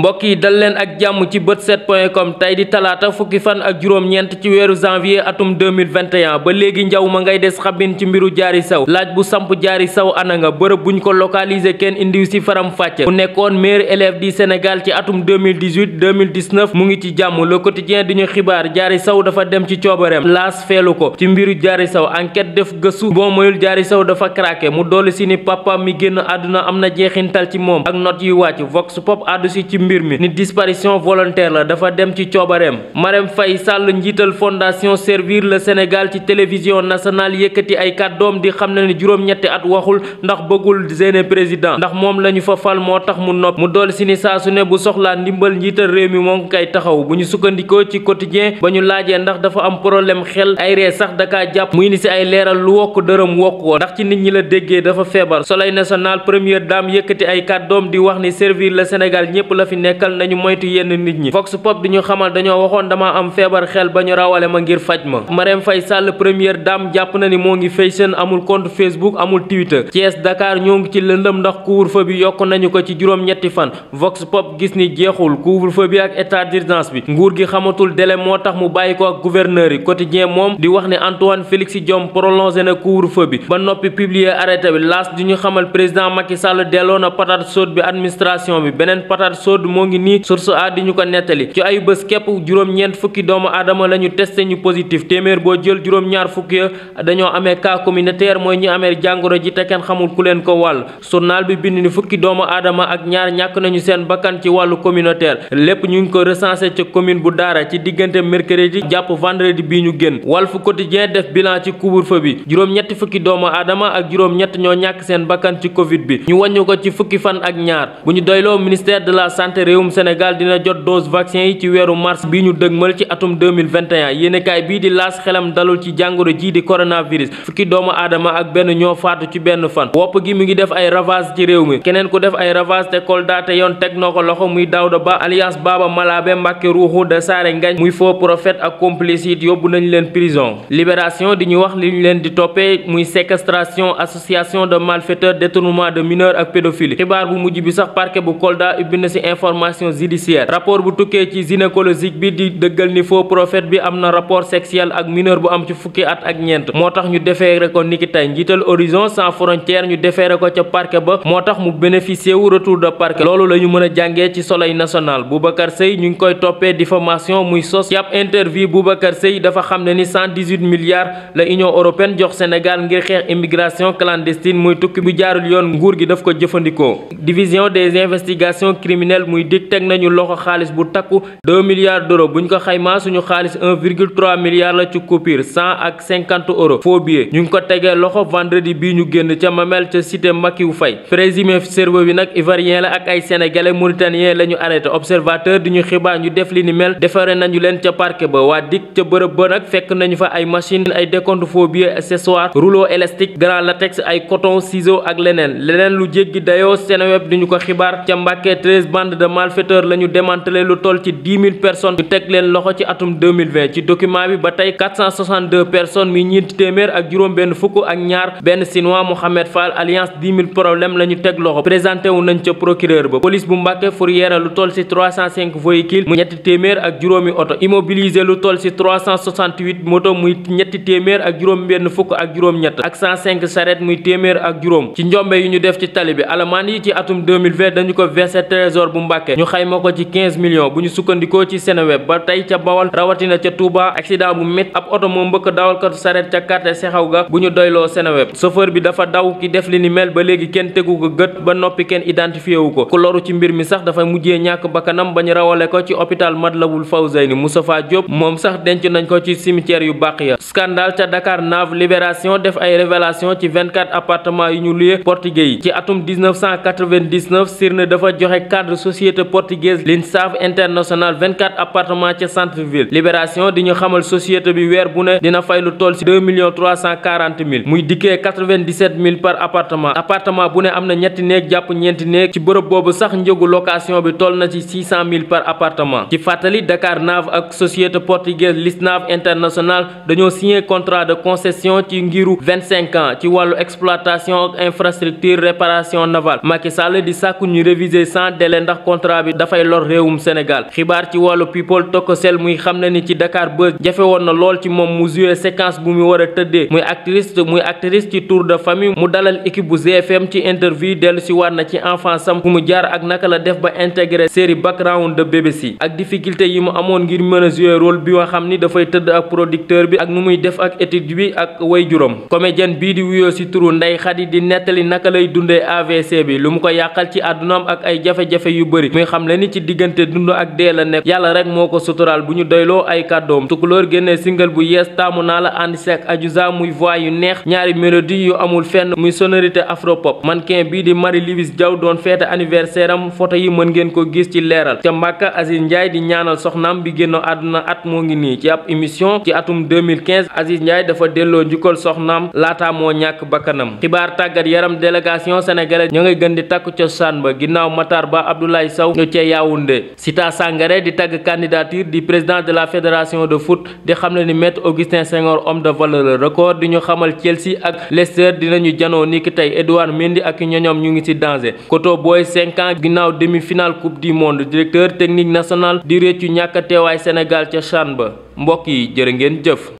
mbokk yi dal leen ak jàmm ci bët set point com tey di talaata fukki fan ak juróom-ñeent ci weeru janvier atum 2021 ba léegi njaw ma ngay des xabin ci mbiru jaari saw laaj bu samp jaari saw ana nga bërëb buñ ko localiser kenn indiw si faram fàcce mu nekkoon meilleur élève di Sénégal ci atum 2018 2019 mu ngi ci jàmm le quotidien di ñu xibaar jaari saw dafa dem ci coobareem laas feelu ko ci mbiru jaari saw enquête def gëstu boo moyul jaari saw dafa craqué mu dollu si ni papa mi génn àdduna am na jeexintal ci moom ak not yuy wàcc mbir mi ni disparition volontaire la dafa dem ci coobareem Marème Faye Sall njiital fondation servir le Sénégal ci télévision nationale yëkkati ay kàddoom di xam na ni juróom-ñetti at waxul ndax bëggul gêner président ndax moom lañu ñu fa fal moo tax mu nopp mu dool si ni saa su ne bu soxlaa ndimbal njiital réew mi moom kay taxaw bu ñu sukkandikoo ci quotidien ba ñu laajee ndax dafa am problème xel ay ree sax dakaa jàpp muy ni si ay leeral lu wokk dërëm wokk woo ndax ci nit ñi la déggee dafa feebar soleil nekkal nañu moytu yenn nit ñi vox pop di xamal dañoo waxoon dama am feebar xel ba rawale ma ngir faj ma Marème Faye Sall première dame jàpp na ni moo ngi fashion amul compte Facebook amul Twitter Thiès Dakar ñoo ngi ci lëndëm ndax couvre-feu bi yokk nañu ko ci juróom-ñetti fan vox pop gis ni jeexul couvre-feu bi ak état d'urgence bi nguur gi xamatul délai moo tax mu bàyyi ko ak gouverneur yi quotidien moom di wax ne Antoine Félix Diome prolongé na couvre-feu bi ba noppi publier arrêté bi laas di ñu xamal président Macky Sall delloo na moo ngi nii source a di ñu ko nettali ci ay bés képp juróom-ñeent fukki doomu aadama la ñu testé ñu positif téeméer boo jël juróom-ñaar fukki ya dañoo amee cas communautaire mooy ñi amee jàngoro ji te kenn xamul ku leen ko wàll journal bi bind ni fukki doomu aadama ak ñaar ñàkk nañu seen bakkan ci wàllu communautaire lépp ñu ngi ko recensé ca commune bu Daara ci diggante mercredi jàpp vendredi bii ñu génn Walf Quotidien def bilan ci couvre-feu bi juróom-ñetti fukki doomu aadama ak juróom-ñett ñoo ñàkk seen bakkan ci covid bi ñu wàññu ko ci fukki fan ak ñaar ndaxte réewum Sénégal dina jot dose vaccin yi ci weeru mars bi ñu dëgmal ci atum 2021 bii di laas xelam dalul ci jàngoro jii di coronavirus fukki doomu aadama ak benn ñoo faatu ci benn fan wopp gi mu ngi def ay ravage ci réew mi keneen ko def ay ravage te Kolda te yoon teg na ko loxo muy Daouda Ba alias Baba Malabe Mbàkke Ruuxu de Saare Ngañ muy faux prophète ak complice it yóbbu nañ leen prison libération di ñu wax li ñu leen di toppee muy séquestration association de de mineurs ak pédophilie xibaar bu mujj bi information judiciaire rapport bu tukkee ci gynécologique bi di dëggal ni faux prophète bi am na rapport sexuel ak mineur bu am ci fukki at ak ñeent moo tax ñu defeere ko niki tey njiital horizon sans frontière ñu defeere ko ca parquet ba moo tax mu bénéficier wu retour de parquet loolu la ñu mën a jàngee ci soleil national Boubacar Seye ñu ngi koy toppee diffamation muy sos yàpp interview Boubacar Seye dafa xam ne ni milliards la union européenne jox Sénégal ngir xeex immigration clandestine tukki bu jaarul yoon nguur gi daf ko jëfandikoo division des muy dig teg nañu loxo xaalis bu takku 2 milliards buñ ko xaymaa suñu xaalis 1,3 la ci coupure ak 50 euros ñu ngi ko tegee loxo vendredi bii ñu génn ca Mamel ca cité Makiou Faye présumé cerveau bi nag ivoirien la ak ay sénégalais mauritanien la ñu observateur di ñu xibaar ñu def li ni mel defare nañu leen ca parquet ba waa dik ca bërëb ba nag fekk nañu fa ay machine ay décompte faux billets accessoires rouleau élastique grand latex ay coton ciseaux malfaiteurs la ñu démantelé lu toll ci dix mille personnes ñu teg leen loxo ci atum ci document bi ba tey personnes mi ñeenti téeméer ak juróom-benn fukk ak ñaar benn Sinois Mohamed Fall alliance dix mille teg loxo présenté wu ca procureur ba police bu Mbàkke fourrière lu toll ci trois mu ñetti téeméer ak juróomi oto immobilisé lu toll ci moto muy ñetti téeméer ak juróom-benn fukk ak juróom-ñett ak cent muy téeméer ak juróom ci njombe yu ñu def Mbàkke ñu xayma ko ci 15 millions bu ñu sukkandikoo ci Seneweb ba tey ca Bawol rawatina ca Touba accident bu métti ab oto moo mbëkk dawalkatu sareet ca quartier Sexaw ga bu ñu doyloo Seneweb chauffeur bi dafa daw ki def li ni mel ba léegi kenn tegu ko gët ba noppi kenn identifié ko ku loru ci mbir mi sax dafa mujjee ñàkk bakkanam ba ñu rawale ko ci hôpital Matlaboul Fawzayni Moustapha Diop moom sax denc nañ ko ci cimetière yu bàq ya scandale ca Dakar Nav Libération def ay révélation ci 24 appartement yu ñu luyee portugais yi société portugaise Linsav International 24 appartement ca centre ville libération di ñu xamal société bi weer bu ne dina fay lu toll si muy dikkee par appartement appartement bu ne am na ñetti néeg jàpp ñeenti néeg ci bërëb boobu sax njëgu location bi toll na ci par appartement ci fàttali Dakar Nav ak société portugaise Lisnav International dañoo signé contrat de concession ci ngiru 25 ans ci wàllu exploitation ak infrastructure réparation navale Macky contrat bi dafay lor réewum Sénégal xibaar ci wàllu people Tocqueville muy xam ne ni ci Dakar Buzz jafe woon na lool ci moom mu joué séquence bu mu war a tëddee muy actrice muy actrice ci tour de famille mu dalal équipe bu GFM ci interview dellu si waat ci enfant sam mu jaar ak naka la def ba intégré série background de BBC ak difficulté yi mu amoon ngir mën a joué rôle bi nga xam ni dafay tëdd ak producteur bi ak nu muy def ak étude bi ak way juróom comédienne bii di wuyoo si turu Ndeye Khady di bëri muy xam le ni ci diggante dund ak dee la nekk yàlla rek moo ko suturaal bu ñu doyloo ay kàddoom tukulóor génnee single bu yees taamu naa la ànd seek ajuza muy voix yu neex ñaari mélodie yu amul fenn muy sonorité afropop mannequin bii di Marie Louise Diaw doon feete anniversaire am photo yi mën ngeen ko gis ci leeral ca Mbàkka Aziz Ndiaye di ñaanal soxnaam bi génn àdduna at moo ngi nii ci ab émission ci atum 2015 Aziz Ndiaye dafa delloo njukkal soxnaam laata moo ñàkk bakkanam xibaar tàggat yaram délégation sénégalaise ñoo ngay gën di takku saw Sow ca Yaoundé Sita Sangaré di tagg candidature di président de la fédération de foot di xamle ni maître Augustin Senghor homme de valeur record di ñu xamal Chelsea ak Leicester ñu janoo ni ki tey Edouard Mendy ak ñoñoom ñu ngi ci danger Koto Boy cinq ans ginnaaw demi-finale coupe du monde directeur technique national di réccu ñàkk teewaay Sénégal ca CHAN ba mbokk yi jërë ngeen jëf